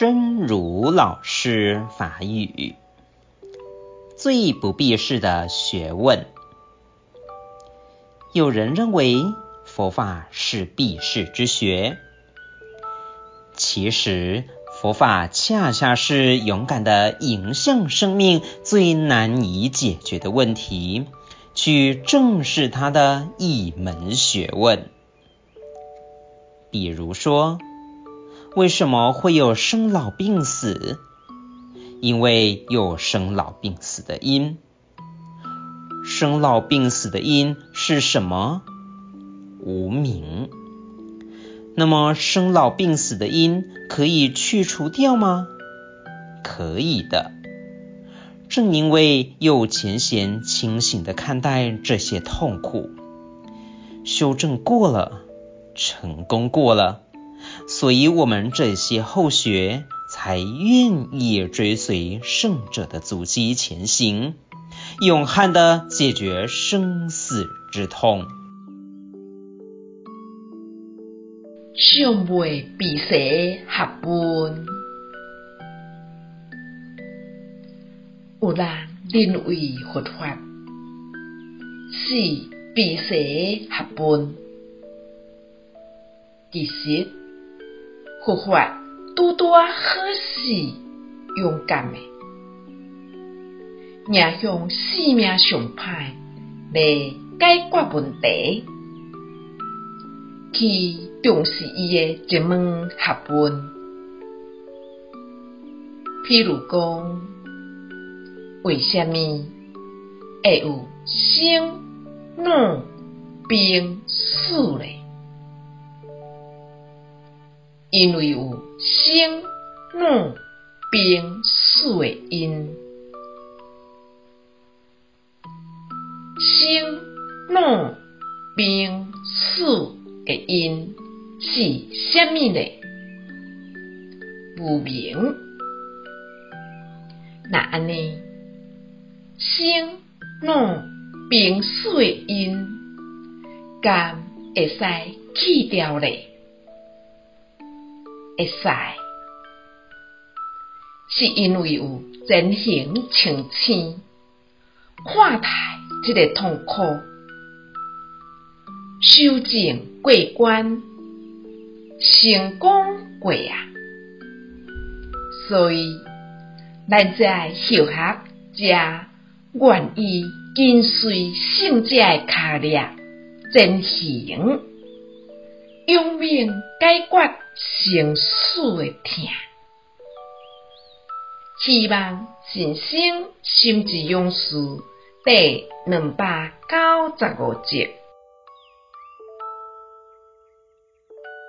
真如老師法語，最不避世的學問。有人認為佛法是避世之學，其實佛法恰恰是勇敢地迎向生命最難以解決的問題，去正視它的一門學問。比如說。為什麼會有生老病死？因為有生老病死的因。生老病死的因是什麼？無明。那麼生老病死的因可以去除掉嗎？可以的。正因為有前賢清醒地看待這些痛苦，修證過了，成功過了。所以，我們這些後學才願意追隨聖者的足跡前行，勇悍地解決生死之痛。小輩必舍合伴，吾是佛法多多好事，勇敢的，面向生命上派來解決問題。去重視伊的一門學問，譬如講，為啥物會有生、老、病、死？因為有生老病死的因，生老病死的因是啥物呢？無明。那按呢，生老病死的因，敢會使去掉咧？會使，是因為有前賢清醒看待即個痛苦，修正過關，成功過啊！所以咱在修學才願意跟隨聖者的腳步，前行用命解決，永遠改生死的痛，希望新生心之勇士第兩百九十五集。